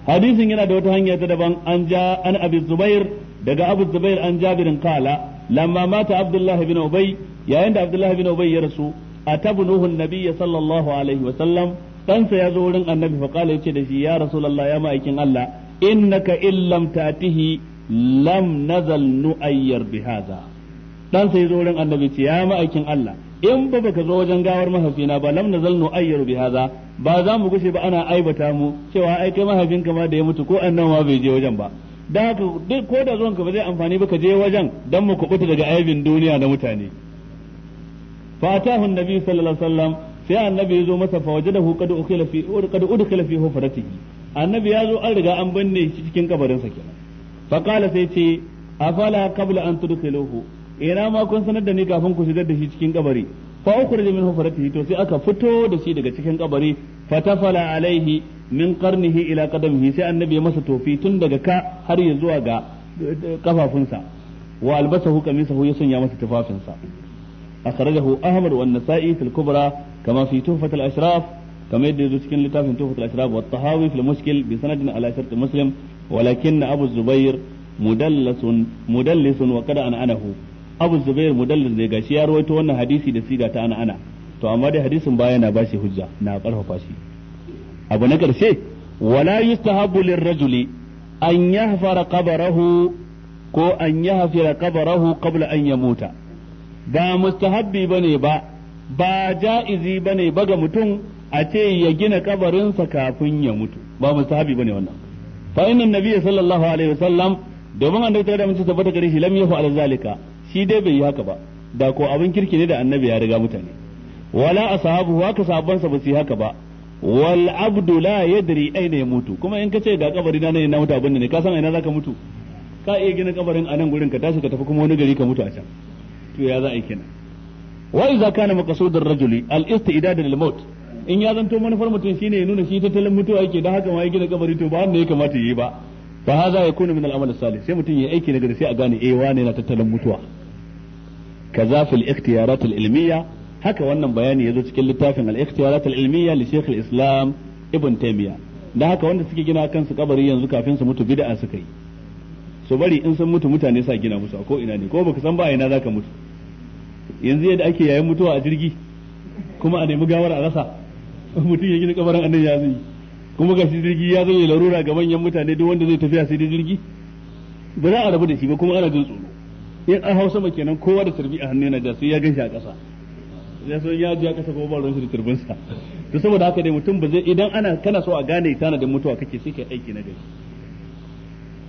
hadisin yana da wata دوت ta daban an ja أن abi zubair daga abu zubair an jabirin kala lamma mata abdullahi bin ubay yayin da abdullahi bin ubay ya rasu atabnuhu an-nabiy sallallahu alaihi wa sallam ɗansa ya zo wurin annabi fa kala yace da shi ya rasulullah ya ma'aikin Allah innaka illam tatihi lam nazal nu'ayyar bihaza Dan ya zo wurin annabi ce ya ma'aikin Allah in ba baka zo wajen gawar mahaifina ba lam nazal nu'ayyar bihaza ba za mu gushe ba ana aibata mu cewa ai kai mahaifinka ma da ya mutu ko annan ma bai je wajen ba da haka duk ko da zuwanka ba zai amfani ba ka je wajen dan mu kubuta daga aibin duniya da mutane fa atahu annabi sallallahu alaihi wasallam sai annabi ya zo masa fa wajadahu qad ukhila fi qad udkhila fi hufratihi annabi ya zo an riga an binne shi cikin kabarin sa kenan fa sai ce afala qabla an tudkhiluhu ina ma kun sanar da ni kafin ku shigar da shi cikin kabari fa ukhrij min hufratihi to sai aka fito da shi daga cikin kabari fa tafala alaihi min qarnihi ila qadamihi sai annabi ya masa tofi tun daga ka har ya zuwa ga eh, kafafunsa wa albasahu qamisahu ya sanya masa tufafinsa akhrajahu ahmad wa an-nasa'i fil kubra kama fi tuhfat al-ashraf kama yadda yazo cikin littafin tuhfat al-ashraf wa tahawi fil mushkil bi sanadin ala shart muslim walakin abu zubair mudallisun mudallisun wa qad anahu abu zubair mudallis ne gashi ya rawaito wannan hadisi da siga ta ana ana to amma dai hadisin baya na bashi hujja na karfafa shi abu na karshe wala yustahabu lirrajuli an yahfara qabrahu ko an yahfira qabrahu qabla an yamuta ba mustahabbi bane ba ba ja'izi bane ba ga mutum a ce ya gina kabarinsa kafin ya mutu ba mustahabi bane wannan fa inna nabiyyi sallallahu alaihi wasallam domin annabi da mutum tabbata gare shi lam yafu zalika shi dai bai yi haka ba da ko abin kirki ne da annabi ya riga mutane wala ashabu haka sahabbansa ba su yi haka ba wal abdu la yadri aina ya mutu kuma in ce ga kabari na ne na mutu abin ne ka san ina zaka mutu ka iya gina kabarin a nan gurin ka tashi ka tafi kuma wani gari ka mutu a can to ya za a yi kenan wa idza kana maqsudur rajuli al istidad lil maut in ya zanto manufar mutum shine ya nuna shi tattalin mutuwa yake dan haka ma ya gina kabari to ba wanda ya kamata yi ba fa hadha yakunu min al amal salih sai mutum ya aiki na gari sai a gane eh wane na tattalin mutuwa kaza fil ikhtiyarat al haka wannan bayani ya zo cikin littafin al-ikhtiyarat al-ilmiyya li Sheikh al-Islam Ibn Taymiyyah da haka wanda suke gina kansu kabari yanzu kafin su mutu bid'a suka yi so bari in sun mutu mutane sa gina musu a ko ina ne ko baka san ba ina zaka mutu yanzu yadda ake yayin mutuwa a jirgi kuma a nemi gawar a rasa mutum ya gina kabarin annabi ya zai kuma ga shi jirgi ya zo ya larura ga manyan mutane duk wanda zai tafiya sai dai jirgi ba za a rabu da shi ba kuma ana jin tsoro in an hausa sama kenan kowa da sarbi a hannu yana da sai ya gan shi a ƙasa ya sun ya juya kasa kuma ba shi da turbinsa to saboda haka dai mutum ba zai idan ana kana so a gane tana da mutuwa kake sai kai aiki na gari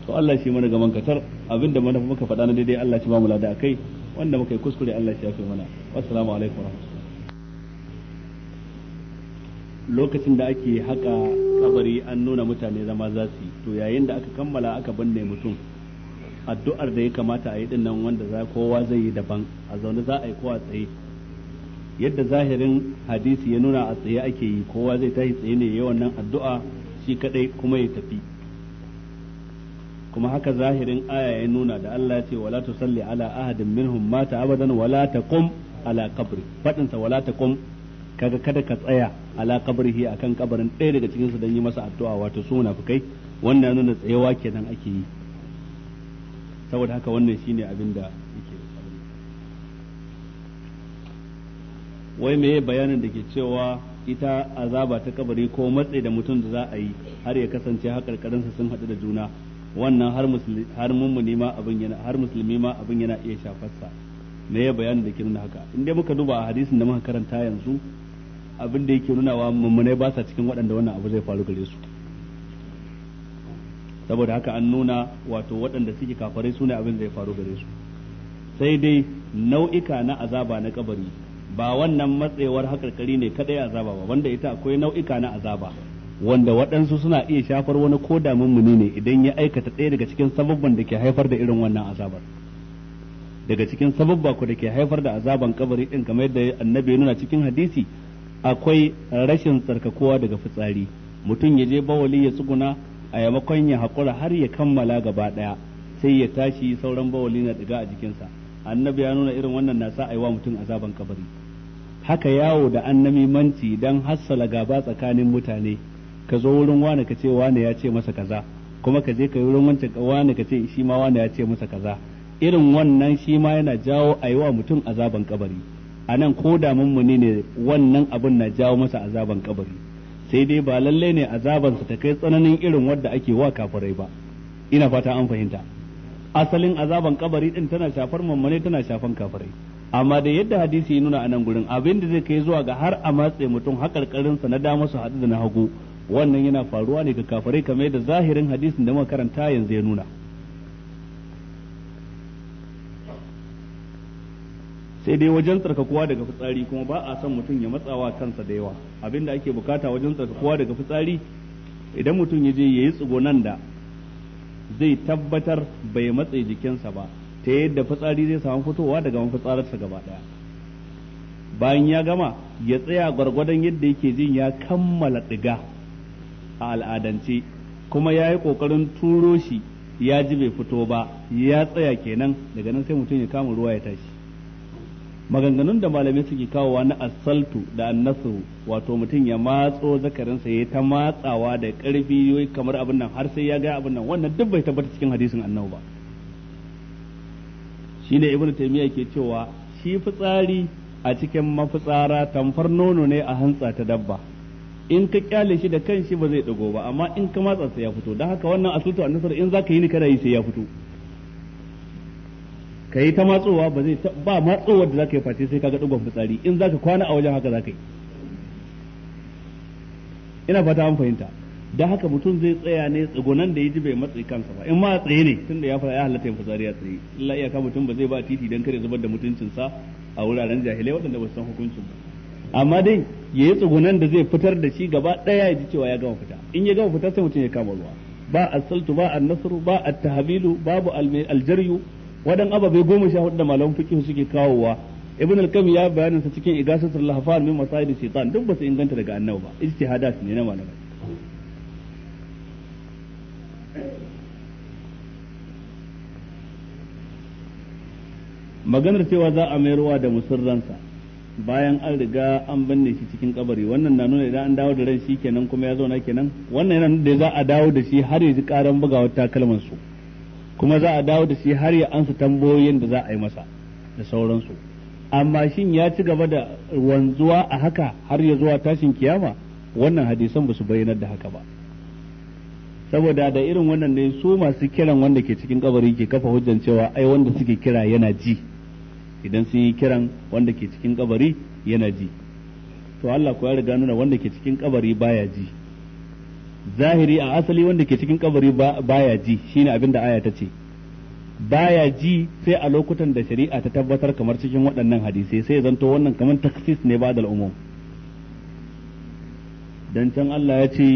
to Allah shi mana gaman katar abinda mana muka faɗa na daidai Allah shi ba mu lada akai wanda muka yi kuskure Allah shi ya fi mana assalamu alaikum lokacin da ake haka kabari an nuna mutane zama za su to yayin da aka kammala aka banne mutum addu'ar da ya kamata a yi dinnan wanda za kowa zai yi daban a zaune za a yi kowa tsaye yadda zahirin hadisi ya nuna a tsaye ake yi kowa zai tashi tsaye ne yawan nan addu'a shi kadai kuma ya tafi kuma haka zahirin aya ya nuna da Allah ya ce wala tusalli ala ahadin minhum mata abadan wala taqum ala qabri fadin sa wala taqum kaga kada ka tsaya ala qabrihi akan kabarin ɗaya daga cikin su dan yi masa addu'a wato su munafikai wannan nuna tsayawa kenan ake yi saboda haka wannan shine abin da wai me bayanin da ke cewa ita azaba ta kabari ko matsayi da mutum da za a yi har ya kasance hakarkarinsa sun haɗu da juna wannan har musulmi har ma abin yana har musulmi ma abin yana iya sa me ya bayanin da ke nuna haka in dai muka duba a hadisin da muka karanta yanzu abin da yake wa mummunai ba sa cikin waɗanda wannan abu zai faru gare su saboda haka an nuna wato waɗanda suke kafarai su ne abin zai faru gare su sai dai nau'ika na azaba na kabari ba wannan matsayawar hakarkari ne kadai azaba ba wanda ita akwai nau'ika na azaba wanda waɗansu suna iya shafar wani ko da mummuni ne idan ya aikata ɗaya daga cikin sababban da ke haifar da irin wannan azabar daga cikin sababba ku da ke haifar da azaban kabari ɗin kamar yadda annabi ya nuna cikin hadisi akwai rashin tsarkakowa daga fitsari mutum ya je bawali ya tsuguna a yamakon ya haƙura har ya kammala gaba ɗaya sai ya tashi sauran bawali na ɗiga a jikinsa annabi ya nuna irin wannan na sa aiwa mutum azaban kabari haka yawo da annamimanci dan hassala gaba tsakanin mutane ka zo wurin wani ka ce wani ya ce masa kaza kuma ka je ka yi wurin wancan wani ka ce shi ma wani ya ce masa kaza irin wannan shi ma yana jawo a yi wa mutum azaban kabari a nan ko da muni ne wannan abin na jawo masa azaban kabari sai dai ba lalle ne azabansa ta kai tsananin irin wadda ake wa kafirai ba ina fata an fahimta asalin azaban kabari din tana shafar mammane tana shafan kafirai amma da yadda hadisi ya nuna a nan gurin abin da zai kai zuwa ga har a matse mutum haƙarƙarinsa na dama su haɗu da na hagu wannan yana faruwa ne ga kafirai kamar da zahirin hadisin da makaranta yanzu ya nuna sai dai wajen tsarkakuwa daga fitsari kuma ba a son mutum ya matsawa kansa da yawa abin da ake bukata wajen tsarkakuwa daga fitsari idan mutum ya je ya yi nan da zai tabbatar bai matse jikinsa ba ta yadda fitsari zai samu fitowa daga mafitsararsa gaba daya bayan ya gama ya tsaya gwargwadon yadda yake jin ya kammala diga a al'adance kuma ya yi kokarin turo shi ya ji bai fito ba ya tsaya kenan daga nan sai mutum ya kama ruwa ya tashi maganganun da malamai suke kawowa na asaltu da annasu wato mutum ya matso zakarinsa ya ta matsawa da karfi kamar abin nan har sai ya ga abin nan wannan duk bai tabbata cikin hadisin annabi ba shine ibn taymiya ke cewa shi fitsari a cikin mafitsara tamfar nono ne a hantsa ta dabba in ka kyale shi da kanshi ba zai dago ba amma in ka matsa sai ya fito don haka wannan asutu annasar in zaka yi ni kana yi sai ya fito ka yi ta matsowa ba zai ba matsowar da zaka yi face sai kaga dugon fitsari in zaka kwana a wajen haka zaka yi ina fata an fahimta da haka mutum zai tsaya ne tsugunan da ya ji bai matsi kansa ba in ma tsaye ne da ya fara ya halatta ya fasari ya tsaye illa iyaka mutum ba zai ba titi dan kare zubar da mutuncinsa a wuraren jahilai waɗanda ba su san hukuncin ba amma dai ya yi tsugunan da zai fitar da shi gaba ɗaya ya ji cewa ya gama fita in ya gama fita sai mutum ya kama ruwa ba asaltu ba annasru ba at-tahbilu babu aljaryu wadan ababe goma sha hudu da malaman fiqh suke kawowa ibn al-kam ya bayanin sa cikin igasatul lahfan min masaid shaitan duk ba su inganta daga annabi ba ijtihadat ne na malamai maganar cewa za a mayarwa da musurransa bayan an riga an binne shi cikin kabari wannan na nuna idan an dawo da ran shi kenan kuma ya zauna kenan wannan yana nuna da za a dawo da shi har ya ji karan bugawar takalman su kuma za a dawo da shi har ya ansa tambayoyin da za a yi masa da sauransu amma shin ya ci gaba da wanzuwa a haka har ya zuwa tashin kiyama wannan hadisan ba su bayyanar da haka ba saboda da irin wannan ne su masu kiran wanda ke cikin kabari ke kafa hujjan cewa ai wanda suke kira yana ji idan sun yi kiran wanda ke cikin kabari yana ji to Allah ko ya riga nuna wanda ke cikin kabari baya ji zahiri a asali wanda ke cikin kabari baya ji shine abin da aya ta ce baya ji sai a lokutan da shari'a ta tabbatar kamar cikin waɗannan hadisai sai zanto wannan kamar taksis ne ba da umum dan can Allah ya ce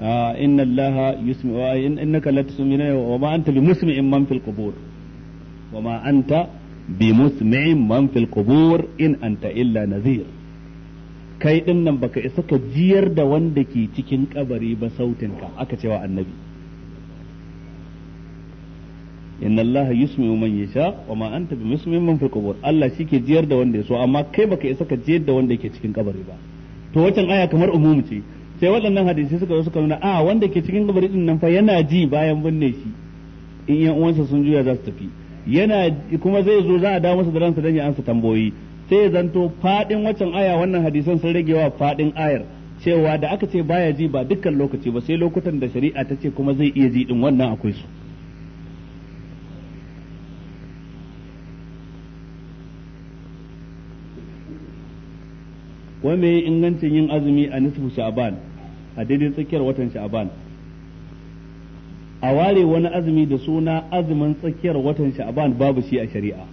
ah, inna Allah yusmi wa innaka wa ma anta bimusmi'in man fil qubur wa ma anta bi musmi'in man fil qubur in anta illa nazir kai din nan baka isa ka jiyar da wanda ke cikin kabari ba sautinka aka cewa annabi inna allaha yusmi'u man yasha wa ma anta bi musmi'in man fil qubur Allah shike jiyar da wanda yaso amma kai baka isa ka jiyar da wanda ke cikin kabari ba to wacan aya kamar umumu ce sai waɗannan hadisi suka zo suka nuna a wanda ke cikin kabari din nan fa yana ji bayan binne shi in yan uwansa sun juya za su tafi yana kuma zai zo za a dawo masa da ransa dan ya ansa tambayoyi sai ya zanto fadin waccan aya wannan hadisan sun rage wa fadin ayar cewa da aka ce baya ji ba dukkan lokaci ba sai lokutan da shari'a ta ce kuma zai iya ji din wannan akwai su wai me ingancin yin azumi a nisfu sha'ban a daidai tsakiyar watan sha'ban a ware wani azumi da suna azumin tsakiyar watan sha'ban babu shi a shari'a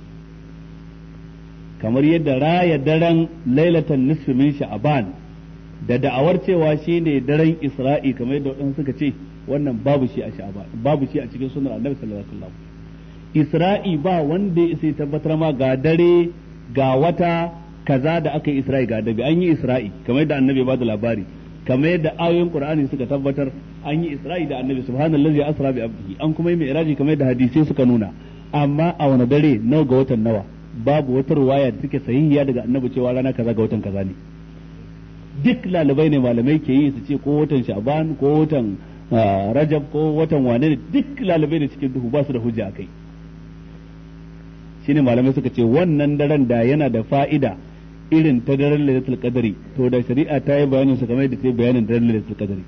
kamar yadda raya daren lailatan nisfi min sha'ban da da'awar cewa shi ne daren isra'i kamar yadda waɗansu suka ce wannan babu shi a sha'ban babu shi a cikin sunan annabi sallallahu alaihi wasallam isra'i ba wanda ya sai tabbatar ma ga dare ga wata kaza da aka yi isra'i ga dabi an yi isra'i kamar yadda annabi ba da labari kamar yadda ayoyin qur'ani suka tabbatar an yi isra'i da annabi subhanallazi asra bi abdihi an kuma yi mi'raji kamar da hadisi suka nuna amma a wani dare nawa ga watan nawa babu wata ruwaya da take sahihiya daga annabi cewa rana kaza ga watan kaza ne duk lalibai ne malamai ke yi su ce ko watan sha'ban ko watan ah, rajab ko watan wane ne duk lalibai ne cikin duhu ba su da hujja kai. shine malamai suka ce wannan daren da yana da fa'ida irin ta daren lailatul qadari to da shari'a ta yi bayanin su kamar da ta yi bayanin daren lailatul qadari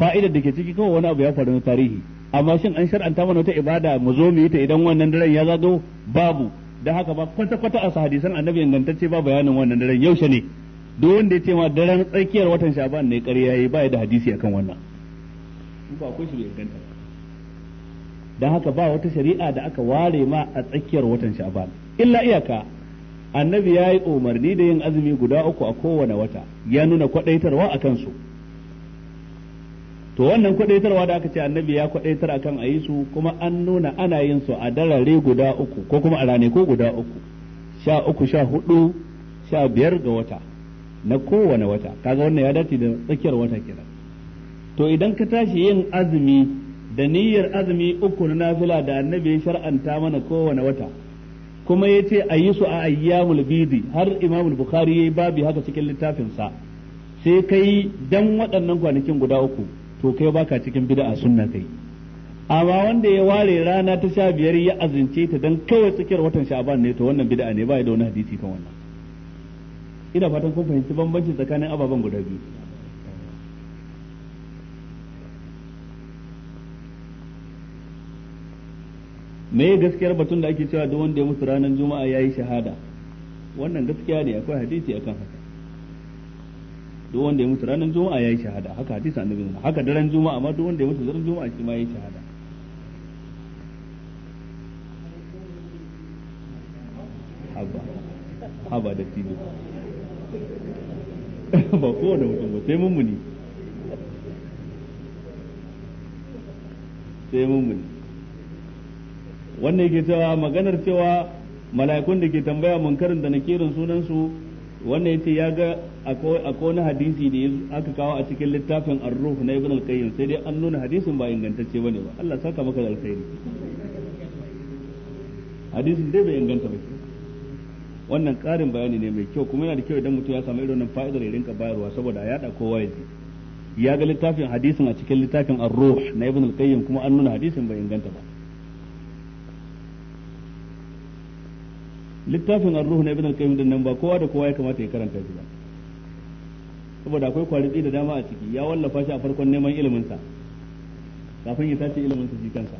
fa'idar da ke ciki kawai wani abu ya faru na tarihi amma shin an shar'anta mana wata ibada mu zo mu yi ta idan wannan daren ya zago babu da haka ba kwata kwata a hadisan annabi ingantacce ba bayanin wannan daren yaushe ne duk wanda ya ce ma daren tsakiyar watan sha'ban ne ƙarya yayi ba da hadisi akan wannan ba ko shi inganta dan haka ba wata shari'a da aka ware ma a tsakiyar watan sha'ban illa iyaka annabi ya yi umarni da yin azumi guda uku a kowane wata ya nuna kwadaitarwa akan su to wannan kwadaitarwa da aka ce annabi ya kwadaitar akan a yi su kuma an nuna ana yin su a darare guda uku ko kuma a ko guda uku sha uku sha hudu sha biyar ga wata na kowane wata kaga wannan ya dace da tsakiyar wata kenan to idan ka tashi yin azumi da niyyar azumi uku na nafila da annabi ya shar'anta mana kowane wata kuma ya ce a yi su a ayyamul bidi har imamul bukhari ya yi babi haka cikin littafinsa sai kai dan waɗannan kwanakin guda uku to kai baka cikin bid'a sunna kai amma wanda ya ware rana ta sha biyar ya azince ta dan kawai tsakiyar watan sha'aban ne to wannan bid'a ne ba ya da wani hadisi kan wannan ina fatan kun fahimci bambanci tsakanin ababen guda biyu me gaskiyar batun da ake cewa duk wanda ya mutu ranar juma'a yayi shahada wannan gaskiya ne akwai hadisi akan haka duk wanda ya mutu ranar juma'a ya yi shahada haka hadisi annabi ne haka daren juma'a amma duk wanda ya mutu daren juma'a shi ma yi shahada haba haba da tilo ba kowane mutum ba sai mummuni sai mummuni wannan yake cewa maganar cewa mala'ikun da ke tambaya munkarin da nakirin sunan su wannan yace ya ga akwai na hadisi da aka kawo a cikin littafin arruh na ibn al-qayyim sai dai an nuna hadisin ba ingantacce bane ba Allah saka maka da alkhairi hadisin dai bai inganta ba wannan karin bayani ne mai kyau kuma yana da kyau idan mutum ya samu irin wannan fa'idar ya rinka bayarwa saboda ya da kowa ya ji ya ga littafin hadisin a cikin littafin arruh na ibn al-qayyim kuma an nuna hadisin bai inganta ba littafin arruh na ibn al-qayyim din nan ba kowa da kowa ya kamata ya karanta shi ba saboda akwai kwaritsi da dama a ciki ya wallafa shi a farkon neman ilimin sa kafin ya tace ilimin sa shi sa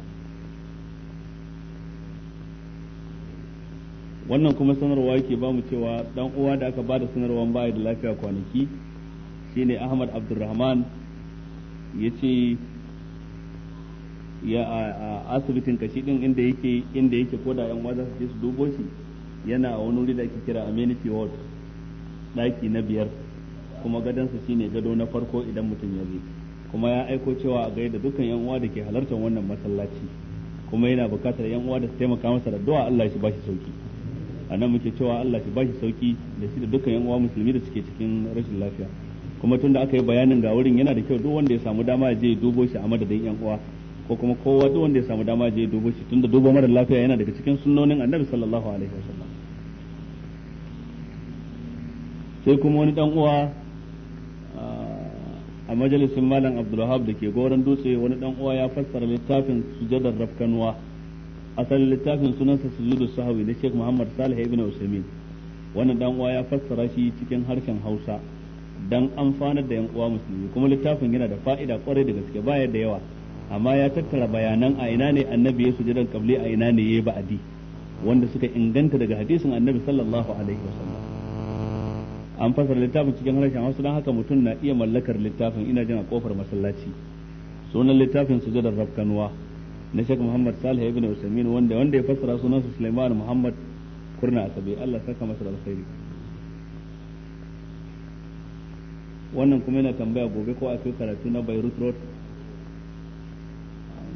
wannan kuma sanarwa yake ba mu cewa dan uwa da aka bada sanarwa baya da lafiya kwanaki shine Ahmad Abdulrahman yace ya a asibitin kashi din inda yake inda yake ko da yan waza su su dubo shi yana a wani wuri da ake kira amenity ward daki na biyar kuma gadansa shine gado na farko idan mutum ya zo kuma ya aiko cewa a gaida dukkan yan uwa da ke halartar wannan masallaci kuma yana bukatar yan uwa da su taimaka masa da addu'a Allah shi bashi sauki anan muke cewa Allah shi bashi sauki da shi da dukkan yan uwa musulmi da suke cikin rashin lafiya kuma tunda aka yi bayanin ga wurin yana da kyau duk wanda ya samu dama je ya dubo shi a madadin yan uwa ko kuma kowa duk wanda ya samu dama je ya dubo shi tunda dubo mara lafiya yana daga cikin sunnonin Annabi sallallahu alaihi wasallam sai kuma wani dan uwa a majalisin malam abdulwahab da ke goron dutse wani dan uwa ya fassara littafin sujadar rafkanuwa asalin littafin sunansa sujudu sahawi na sheikh muhammad salih ibn usaimin wannan dan uwa ya fassara shi cikin harshen hausa dan amfanar da yan uwa musulmi kuma littafin yana da fa'ida kwarai da gaske baya da yawa amma ya tattara bayanan a ina ne annabi ya sujudar kabli a ina ne ya ba'adi wanda suka inganta daga hadisin annabi sallallahu alaihi wasallam an fasara littafin cikin harshen hausa don haka mutum na iya mallakar littafin ina jin a kofar masallaci sunan littafin sujadar rafkanuwa na shek Muhammad Salih ibn Usaimin wanda wanda ya fasara sunan su Sulaiman Muhammad Kurna Asabe Allah saka masa da alkhairi wannan kuma yana tambaya gobe ko akwai karatu na Beirut Road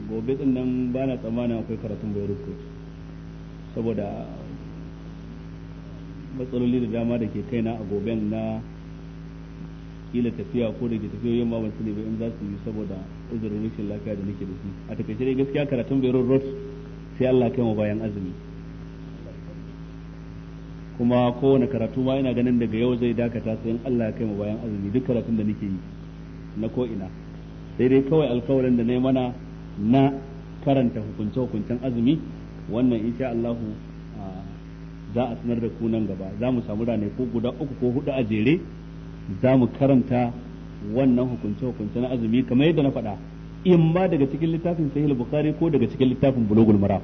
gobe din nan ba na tsammanin akwai karatun Beirut Road saboda matsaloli da dama da ke kaina a goben na kila tafiya ko da ke tafiyoyin ma ban sani ba in za su yi saboda uzurin rashin lafiya da nake da shi a takaice dai gaskiya karatun Beirut Road sai Allah kai mu bayan azumi kuma kowane karatu ma ina ganin daga yau zai dakata sai in Allah kai mu bayan azumi duk karatun da nake yi na ko ina sai dai kawai alkawarin da na mana na karanta hukunce hukuncen azumi wannan insha Allah ah, za a sanar da ku nan gaba za mu samu ko guda uku ko hudu a jere za mu karanta wannan hukunce hukunce na azumi kamar yadda na faɗa in ma daga cikin littafin sahih bukhari ko daga cikin littafin bulugul mara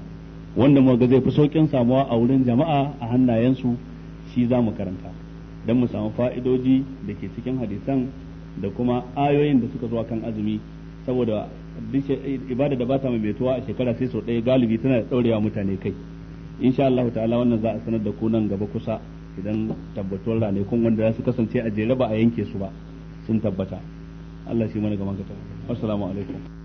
wanda mu ga zai fi saukin samuwa a wurin jama'a a hannayensu shi za mu karanta don mu samu fa'idoji da ke cikin hadisan da kuma ayoyin da suka zuwa kan azumi saboda ibada da ba ta mai a shekara sai sau ɗaya galibi tana da ɗaurewa mutane kai insha Allah ta'ala wannan za a sanar da ku nan gaba kusa idan tabbatuwar ranakun wanda za su kasance a jere ba a yanke su ba sun tabbata Allah shi mana gaban ka assalamu alaikum